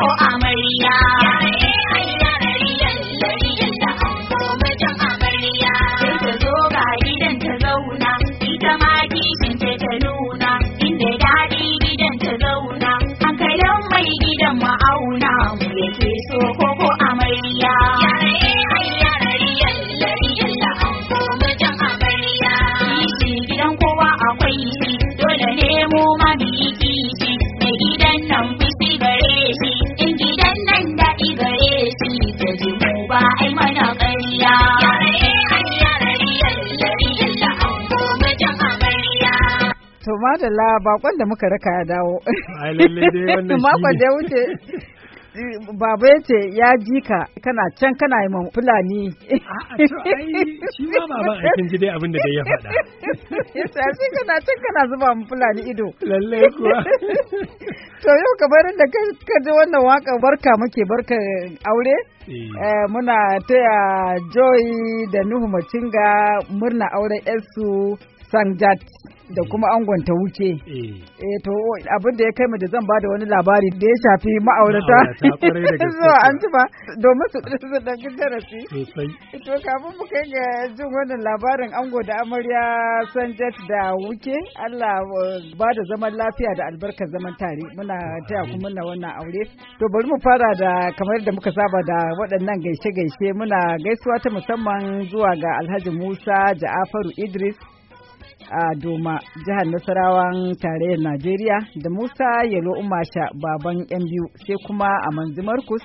now Allah bakon da muka raka ya dawo. Ai lalle dai shi. Makon da wuce baba ya ce ya ji ka kana can kana yi man fulani. Shi ma baban a kin ji dai abin da dai ya faɗa. Ya shi kana can kana zuba man fulani ido. Lalle kuwa. To yau kamar da ka ji wannan waka barka muke barka aure. Eh. Eh, muna taya Joy da Nuhu Macinga murna auren 'yarsu Sanjat. da kuma ango ta wuce. Eh. eh to abin da ya kai mu da zan bada wani labari da ya shafi ma'aurata. Zuwa an ci ba domin su su dan darasi. To kafin mu kai ga jin wannan labarin ango da amarya Sanjat da wuke Allah ba da zaman lafiya da albarkar zaman tare muna taya ku muna wannan aure. To bari mu fara da kamar da muka saba da waɗannan gaishe-gaishe muna gaisuwa ta musamman zuwa ga Alhaji Musa Ja'afaru Idris a Doma, jihar Nasarawan tarayyar Najeriya da Musa Yalo Umasha baban yan biyu sai kuma a Manzi Markus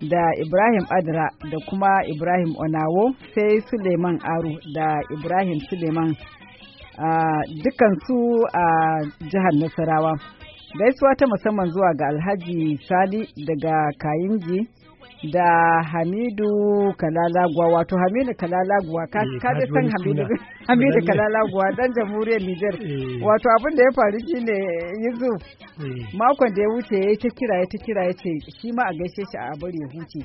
da Ibrahim adara da kuma Ibrahim Onawo sai Suleiman Aru da Ibrahim Suleiman dukansu a jihar Nasarawa. Gaisuwa ta musamman zuwa ga Alhaji Sali daga Kayinji. da Hamidu Kalalaguwa wato Hamidu Kalalaguwa ka eh, da san Hamidu Hamidu Kalalaguwa dan jamhuriyar Niger eh. wato abin da ya faru shine yanzu eh. makon da ya wuce ya ta kira ya ta kira ya ce shi ma a gaishe shi a bari ya huce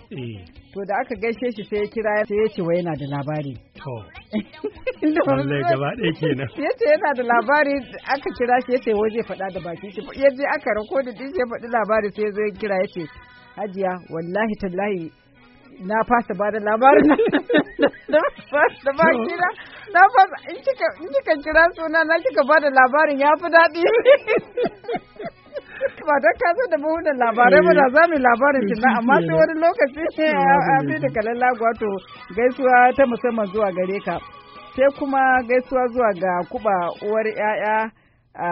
to da aka gaishe shi sai ya kira ya ce wai yana da labari to lallai gaba ɗaya kenan ya ce yana da labari aka kira shi ya ce wai zai faɗa da baki shi ya je aka rakodin din ya faɗi labari sai ya zo ya kira ya ce hajiya wallahi tallahi na fasa ba da labarin na da ba kira na fasa in kika kira suna na kika ba da labarin ya fi daɗi ba don ka zo da mahunan labarai ba da za mu labarin shi na amma sai wani lokaci ne a fi da kalan to gaisuwa ta musamman zuwa gare ka sai kuma gaisuwa zuwa ga kuba uwar 'ya'ya a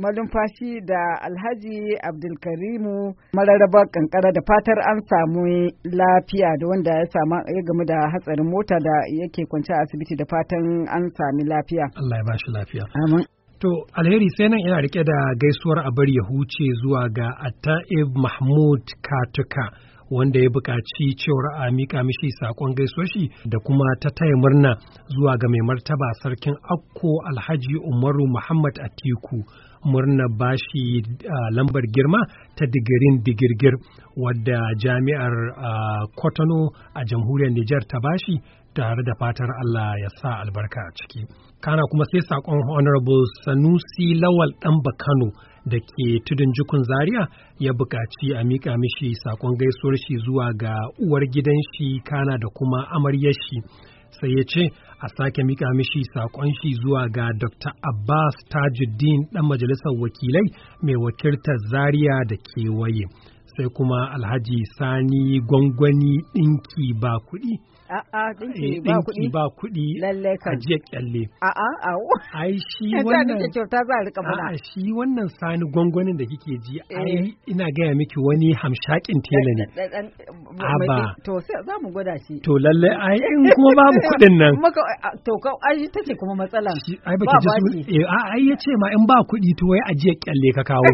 malumfashi da alhaji abdulkarimu mararraba kankara da fatar an samu lafiya da wanda ya samu ya gamu da hatsarin mota da yake kwance a asibiti da fatan an sami lafiya Allah ya ba shi lafiya amin To alheri sai nan ina rike da gaisuwar a bari ya huce zuwa ga Atta'ib Mahmud Katuka. wanda ya buƙaci cewar a mika mishi sakon gaisoshi da kuma ta taya murna zuwa ga mai martaba sarkin akko alhaji umaru muhammad atiku murna bashi lambar girma ta digirin digirgir wadda jami'ar kotono a jamhuriyar nijar ta bashi tare da fatar Allah ya sa albarka a ciki. Kana kuma sai saƙon Honorable Sanusi Lawal ɗan Bakano da ke tudun Jukun Zaria ya buƙaci a miƙa mishi saƙon gaisuwar shi zuwa ga uwar gidan shi kana da kuma amaryar shi. Sai ya ce a sake miƙa mishi saƙon shi zuwa ga Dr. Abbas Tajuddin ɗan majalisar wakilai mai wakiltar Zaria da kewaye. sai kuma alhaji sani gwangwani ɗinki ba kuɗi A'a dinki eh, ba kuɗi. Dinki ba kuɗi. Lalle kan. Ajiya kyalle. A'a awo. Ai shi wannan. Ta kyauta za a rika mana. A'a shi wannan sani gwangwanin da kike ji eh. ai ina gaya miki wani hamshakin tela ne. Aba. To za mu gwada shi. To lalle ai in kuma babu kuɗin nan. To ka ai ita ce kuma matsalan. Ai ba ki ji su. Eh, a'a ai ya ce ma in ba kuɗi to wai ajiya kyalle ka kawo.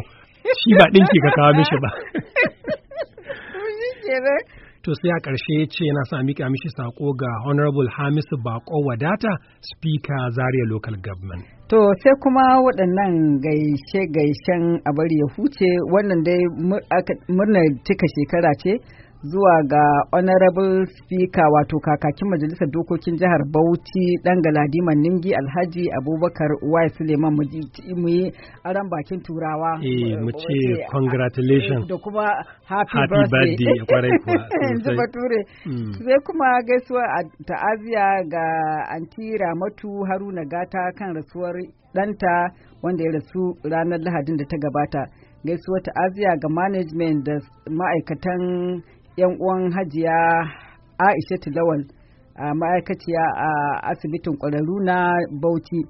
Shi ba dinki ka kawo mishi ba. Shi kenan. to sai a ƙarshe ya ce yana sa mika mishi saƙo ga honorable hamisu bako wadata speaker zaria local government to sai kuma waɗannan gaishe gaishen a bari ya huce wannan dai murnar cika shekara ce zuwa ga honorable speaker wato kakakin majalisar dokokin jihar bauchi dan galadiman ningi alhaji abubakar uwai suleiman mu yi aran bakin turawa eh mu ce ah, congratulations eh, da kuma happy, happy birthday kwarai kuwa hmm. sai kuma gaisuwa ta'aziya ga anti ramatu haruna gata kan rasuwar danta wanda ya rasu ranar lahadin da ta gabata gaisuwa ta'aziya ga management da ma'aikatan 'yan uwan hajiya aisha tilawal a ma'aikaciya a asibitin ƙwararru na bauchi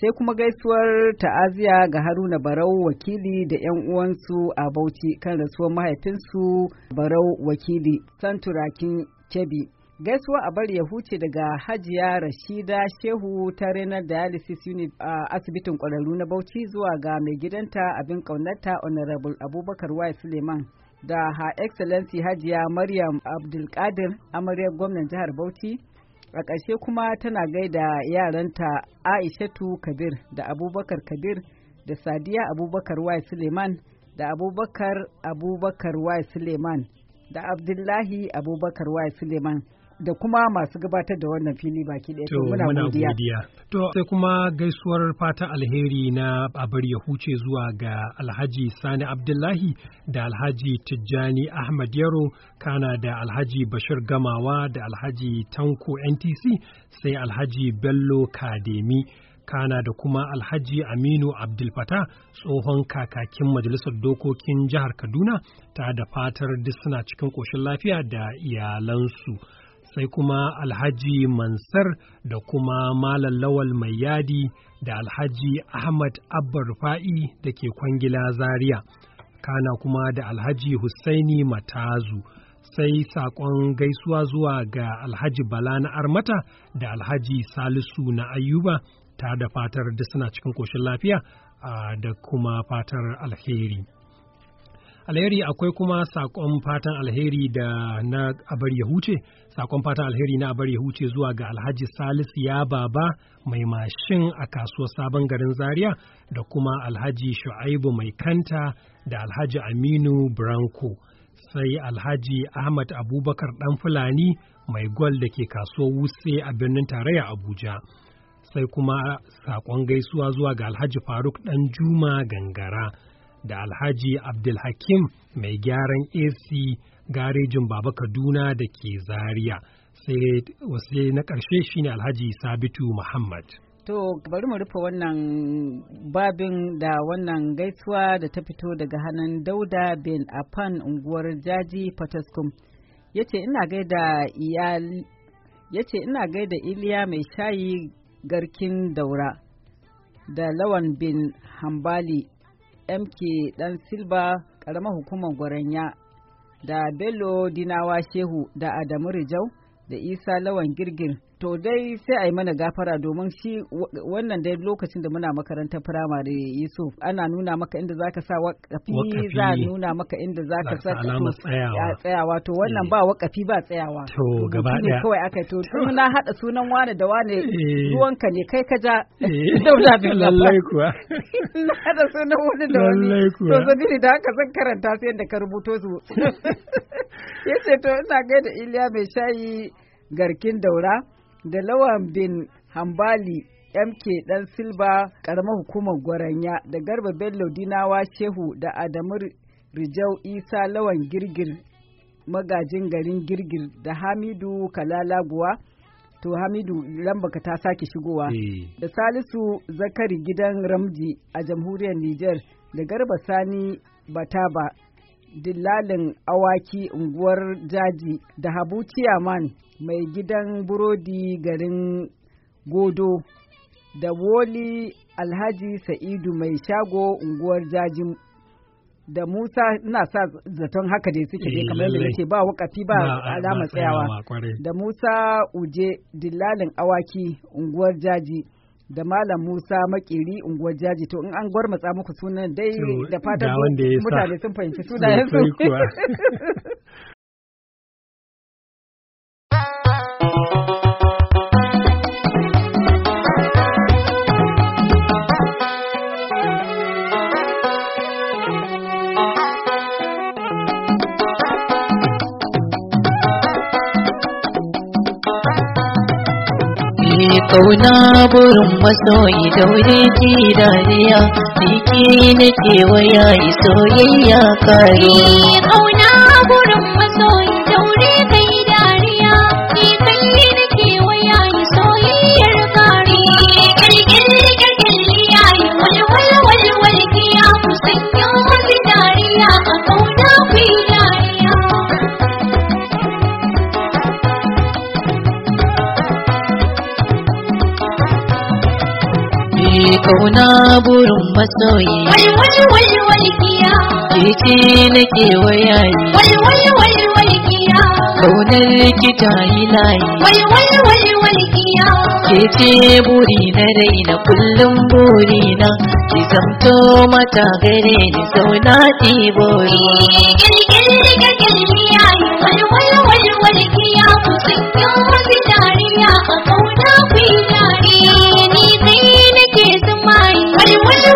sai kuma gaisuwar ta'aziya ga haruna barau wakili da 'yan uwansu a bauchi kan rasuwar mahaifinsu barau wakili santurakin kebi gaisuwa a bari ya huce daga hajiya rashida shehu ta renar dialysis unit a asibitin ƙwararru na bauchi zuwa ga mai gidanta abin ƙaunarta honorable abubakar wai suleiman da Her Excellency Hajiya Maryam Abdulkadir amaryar gwamnan jihar Bauchi. A ƙarshe kuma tana gaida yaranta Aishatu Kabir da Abubakar Kabir da Sadiya Abubakar Y Suleiman da Abubakar Abubakar Y Suleiman da Abdullahi Abubakar Y Suleiman. da kuma masu gabatar da wannan fili baki ɗaya. muna godiya. To sai kuma gaisuwar fata alheri na abar ya huce zuwa ga Alhaji Sani Abdullahi da Alhaji Tijjani Ahmad Yaro kana da Alhaji Bashir Gamawa da Alhaji Tanko NTC sai Alhaji Bello Kademi. kana da kuma alhaji aminu abdulfata tsohon kakakin majalisar dokokin jihar kaduna ta da fatar duk suna cikin ƙoshin lafiya da iyalansu sai kuma Alhaji Mansar da kuma Malam Lawal Mai Yadi da Alhaji Ahmad Abbar fa'i da ke kwangila Zaria, kana kuma da Alhaji Hussaini Matazu. Sai saƙon gaisuwa zuwa ga Alhaji Bala na Armata da Alhaji Salisu na Ayuba ta da fatar da suna cikin ƙoshin lafiya da kuma fatar alheri. alheri akwai kuma sakon fatan alheri da na abar ya huce sakon fatan alheri na abar ya huce zuwa ga alhaji salisu ya baba mai mashin a kasuwar sabon garin zaria da kuma alhaji shu'aibu mai kanta da alhaji aminu branko sai alhaji ahmad abubakar dan fulani mai gwal da ke kasuwar wuse a birnin tarayya abuja sai kuma sakon gaisuwa zuwa ga alhaji faruk dan juma gangara da Alhaji Abdulhakim mai gyaran AC garejin Baba Kaduna da ke Zaria. Sai na ƙarshe shine Alhaji Sabitu Muhammad. To bari mu rufe wannan babin da wannan gaisuwa da ta fito daga hannun Dauda bin Afan unguwar Jaji Fataskum. Ya ina gaida yace ina gaida Iliya mai shayi garkin daura da Lawan bin Hambali mk dan silba karamar hukumar gwaranya da bello dinawa shehu da adamu rijau da isa lawan girgir To dai sai a yi mana gafara domin shi wannan dai lokacin da muna makarantar firamare Yusuf ana nuna maka inda zaka sa wakafi za a nuna maka inda zaka sa tsayawa to wannan ba wakafi ba tsayawa. To gaba daya. Kawai aka to na hada sunan wane da wane eh. ruwanka ne kai ka ja eh. dauna bin lallai kuwa. Na hada sunan wani da wani. Lallai kuwa. To da haka zan karanta su yadda ka rubuto su. Yace to ina gaida Iliya mai shayi garkin daura. da lawan bin hambali mk dan silba karamar hukumar gwaranya da garba bello dinawa shehu da adamu rijau isa lawan girgir magajin garin girgir da hamidu kalalaguwa to hamidu rambaka ta sake shigowa eh. da salisu zakari gidan ramji a jamhuriyar niger da garba sani bataba dillalin awaki unguwar jaji da habu ciyaman mai gidan burodi garin godo da woli alhaji sa'idu mai shago unguwar jaji da musa ina sa zaton haka dai suke dai kamar yadda eh, nake ba wakafi ba alama tsayawa da musa uje dillalin awaki unguwar jaji da Malam Musa Makiri unguwar Jaji to in an gwarmatsa muku sunan dai da fatan mutane sun fahimci sunayen mai kauna burin masoyi daure ki dariya jiki na kewaya soyayya kare kauna burin masoyi kauna burin masoyi wai wai wai wai kiya kici na wayayi. wai wai wai wai kiya kaunar ta yi layi wai wai wai wai kiya kici buri na raina kullum buri na ki zamto mata gare ni zauna tibori Thank you.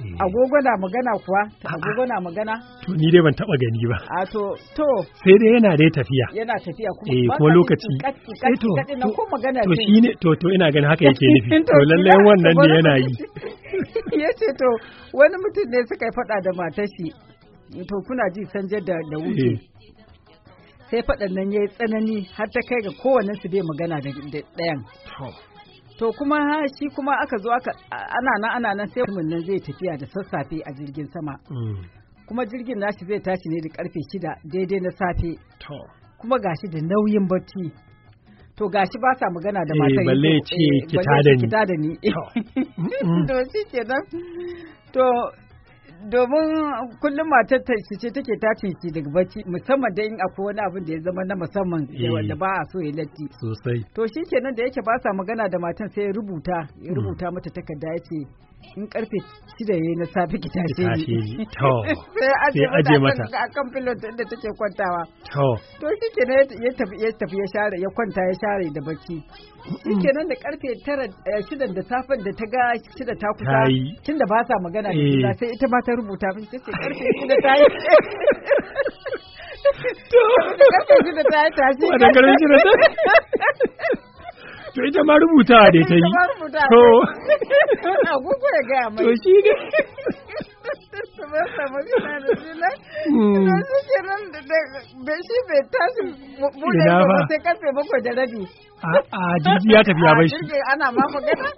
Eh. agogo na magana kuwa agogo na magana to ni dai ban taba gani ba a to to sai dai yana dai tafiya yana tafiya kuma eh ko lokaci sai eh, to ko magana to shine to to ina ganin haka yake nufi to lalle wannan ne yana yi yace to wani mutum ne suka faɗa da matar shi to kuna ji sanje da da wuce eh. sai faɗan nan yayi tsanani har ta kai ga kowannen su bai magana da ɗayan to kuma shi kuma aka zo aka ana nan ana nan sai mun nan zai tafiya da sassafe a jirgin sama mm. kuma jirgin nashi zai tashi ne da karfe shida daidai na safe To kuma gashi da nauyin barci to gashi ba sa magana da eh, matar balle ce kita eh, da ni to shi kenan to domin kullum matar ta ce take ce ki daga bacci musamman da in akwai wani abin da ya zama na musamman eh. wanda ba a so ya latti sosai to shi kenan da yake ba sa magana da matan sai ya rubuta ya rubuta mata takarda ya ce in karfe shida ya yi na safe ki tashe ni sai aje mata a akan pillow inda take kwantawa to shi ya tafi ya tafi ya share ya kwanta ya share da bacci shike nan da karfe tara eh, shida da safen da ta ga shida ta kusa da ba sa magana da ita eh. sai ita ma ta rubuta ta ce karfe shida ta yi to karfe shida ta yi tashi to ita ma rubuta dai ta yi to agogo ya gaya mai to shi hmm. hmm. ne bai tashi bude ba sai karfe bakwai da rabi a jirgi ya tafi bai shi ana ma magana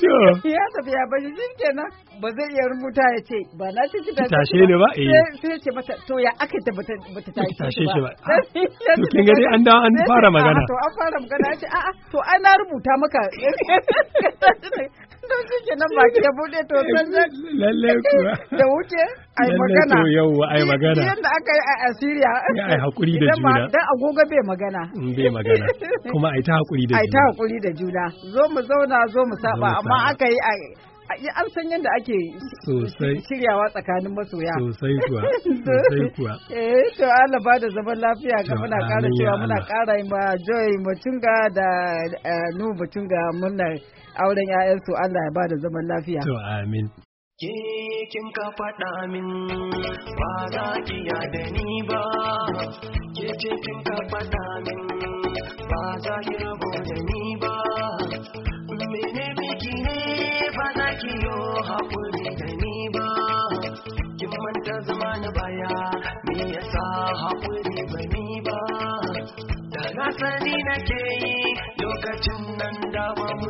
Ya tafi ya bashi shi kenan ba zai iya rubuta ya ce ba na shi ki tashe ne ba eh sai ce mata to ya aka ta bata bata tashe shi ba. To kin gari an da an fara magana. Ah, to an fara magana ce a'a to ai na rubuta maka don shi ke nan baki ya buɗe to lalle kuwa da wuce ai magana to yau a yi magana yanda aka yi a Asiriya a yi hakuri da juna dan agogo bai magana mm, bai magana kuma ai ta hakuri da juna ai ta hakuri da juna zo mu zauna zo mu saba amma aka yi an san yadda ake shiryawa tsakanin masoya sosai kuwa sosai kuwa eh to Allah ba da zaman lafiya ga muna ƙara cewa muna ƙara ma Joy Mutunga da eh, Nu Mutunga murnar auren 'ya'yansu Allah ya bada zaman lafiya. To amin. Ke kin ka faɗa min ba za ki ya da ni ba, ke ce kin ka faɗa min ba za ki rabo da ni ba, mene biki ne ba za ki yo haƙuri da ni ba, kin manta zama na baya me yasa haƙuri ba ni ba, da na sani nake yi lokacin nan da ba mu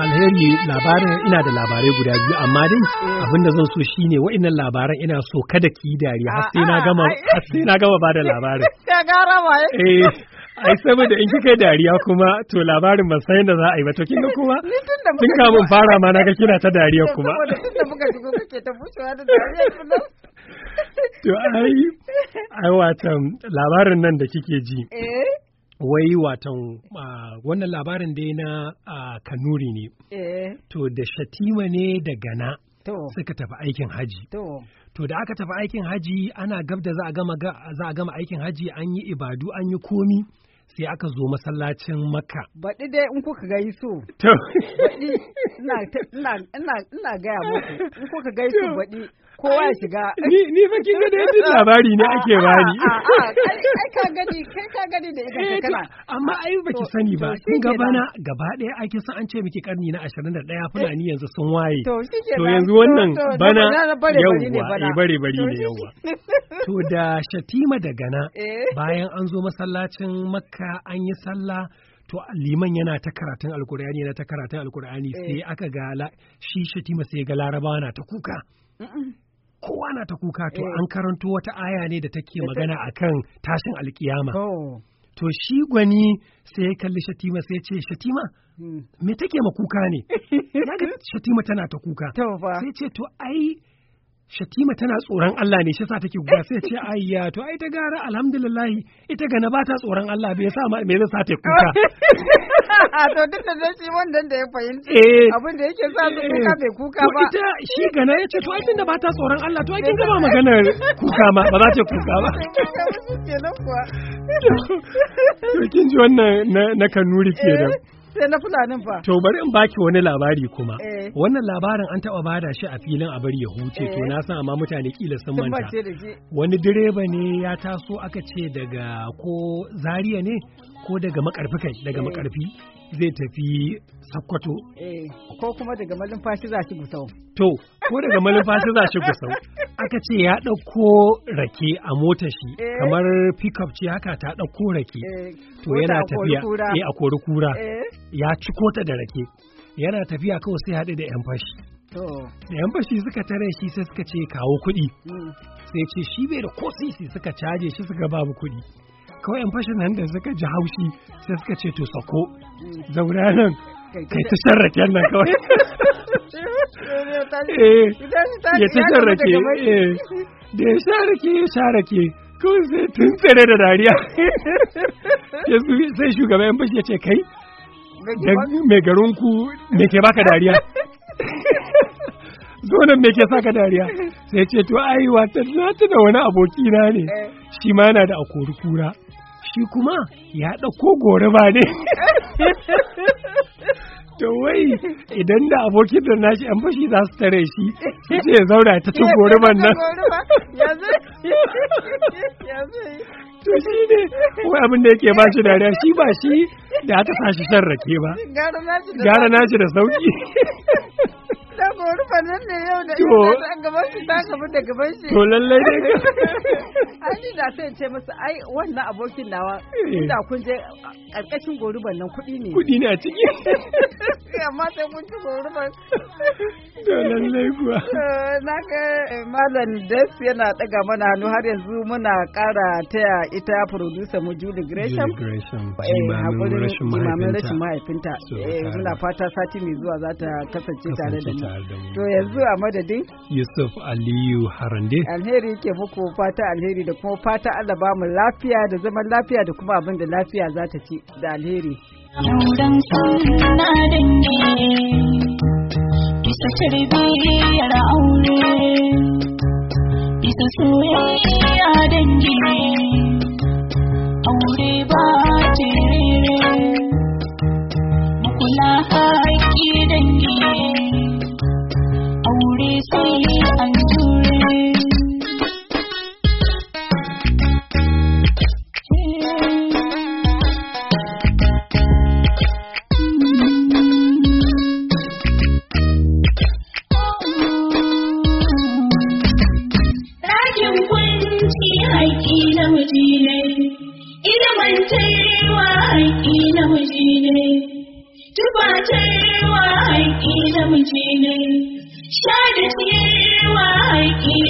alheri labarin ina da labarai guda biyu amma dai abin da zan so shine wa'annan labaran ina so kada ki yi dariya har sai na gama har sai na gama bada labarin. Ya gara ma eh ai saboda in kika dariya kuma to labarin ba san yadda za a yi ba to kinga kuma tun kamun fara ma na ga kina ta dariya kuma. Saboda tun da muka shigo kake ta bushewa da dariya To ai ai watan labarin nan da kike ji. Eh Wai watan wannan labarin dai na Kanuri ne. Eh. To da Shatima ne da Gana. Suka tafi aikin haji. To da aka tafi aikin haji ana gab da za a gama aikin haji an yi ibadu an yi komi. sai aka zo masallacin maka. Baɗi dai in kuka gaiso. To. Baɗi ina gaya muku in kuka gaiso baɗi kowa ya shiga ni fa kin ga da labari ne ake ah, ah, bani ah, ai ka gani kai ka gani da ita, eh, kana amma ai baki sani ba kin ga bana gaba daya ake san an ce miki karni na 21 fulani yanzu sun waye to yanzu wannan bana yawwa bare bari ne yauwa eh, to da shatima da gana eh. bayan an zo masallacin makka an yi sallah to liman yana ta karatun alkur'ani yana ta karatun alkur'ani sai aka ga shi shatima sai ga larabawa na ta kuka kowa na ta kuka to eh. an karanto wata aya ne da take magana akan tashin alkiyama to shi gwani sai ya kalli shatima sai ya ce shatima hmm. me take ma kuka ne shatima tana ta kuka sai ce to ai Shatima tana tsoron Allah ne shi sa take guga sai ce ayya to ai ta gara alhamdulillah ita gana ba ta tsoron Allah bai sa me zai sa ta kuka to duk da shi wannan da ya fahimci eh. abin da yake sa su kuka bai kuka eh. ba ita shi gana yace to ai tunda ba ta tsoron Allah to ai kin gama maganar kuka ma ba za ta kuka ba to kin ji wannan na kanuri kenan eh. sai na fulanin fa to bari in baki wani labari kuma eh. wannan labarin an taba bada shi a filin a bari ya huce to eh. na san amma mutane kila sun manta wani direba ne ya taso aka ce daga ko zaria ne ko daga makarfi kai daga eh. makarfi zai tafi sakkwato eh, ko kuma daga malumfashi za shi gusau to ko daga malumfashi za shi gusau aka ce ya ɗauko rake a mota shi eh. kamar pickup ce haka ta ɗauko rake to yana tafiya eh a kori kura ya ciko ta da rake yana tafiya kawai sai haɗe da yan fashi da yan fashi suka tare shi sai suka ce kawo kuɗi mm. sai ce shi bai da kosi sisi suka caje shi suka babu kuɗi kawai yan fashin nan da suka ji haushi sai suka ce to sako zauna nan kai ta sharrake nan kawai eh, ya ta sharrake eh, da ya sharrake ya sharrake kawai sai tun tsere da dariya sai shugaban yan fashi ya ce kai mai garinku me ke baka dariya zonan me ke saka dariya sai ce to ai wata na tuna wani abokina ne eh. shi ma yana da akori kura shi kuma ya ɗauko gore ba ne to wai idan da abokin da nashi an fashi za su tare shi su ce ya zauna ta cin goruban nan to shi ne kuma abin da yake ba shi dariya shi ba shi da aka sashi shi shan rake ba gara nashi da sauki korufan nan ne yau da ita gaban shi ta gabu da gaban shi. To lallai ne. Ani da sai ce masa ai wannan abokin nawa eh. inda kun je karkashin goruban nan kuɗi ne. Kuɗi ne a ciki. Eh, amma sai kun ci goruban. To lallai kuwa. Eh, na ga Malam Des yana ɗaga mana hannu har yanzu muna ƙara taya ita producer mu Julie Gresham. Julie Gresham. Imamin rashin mahaifinta. Muna fata sati mai zuwa za ta kasance tare da ni. To yanzu a madadin? Yusuf Aliyu Harande. Alheri ke muku fata alheri da kuma fata Allah ba mu lafiya da zaman lafiya da kuma abin da lafiya za ta ci da alheri. bisa soyayya dangi. namiji ne sha da ciyarwa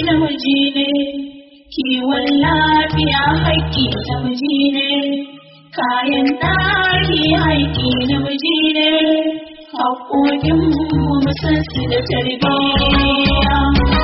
ne kiwon lafiya haƙƙi namiji ne kayan ɗaki haƙƙi namiji ne haƙƙoƙin mu musan da tarbiyya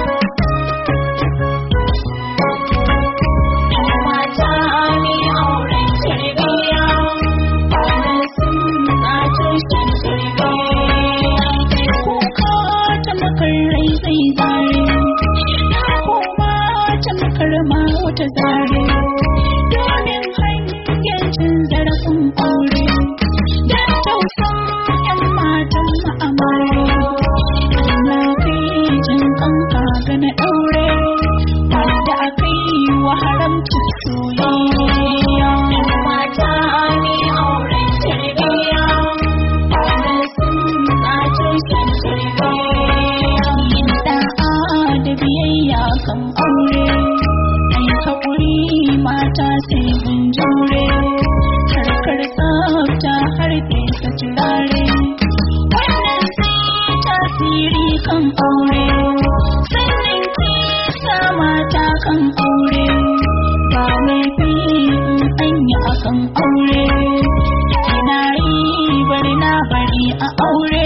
أولى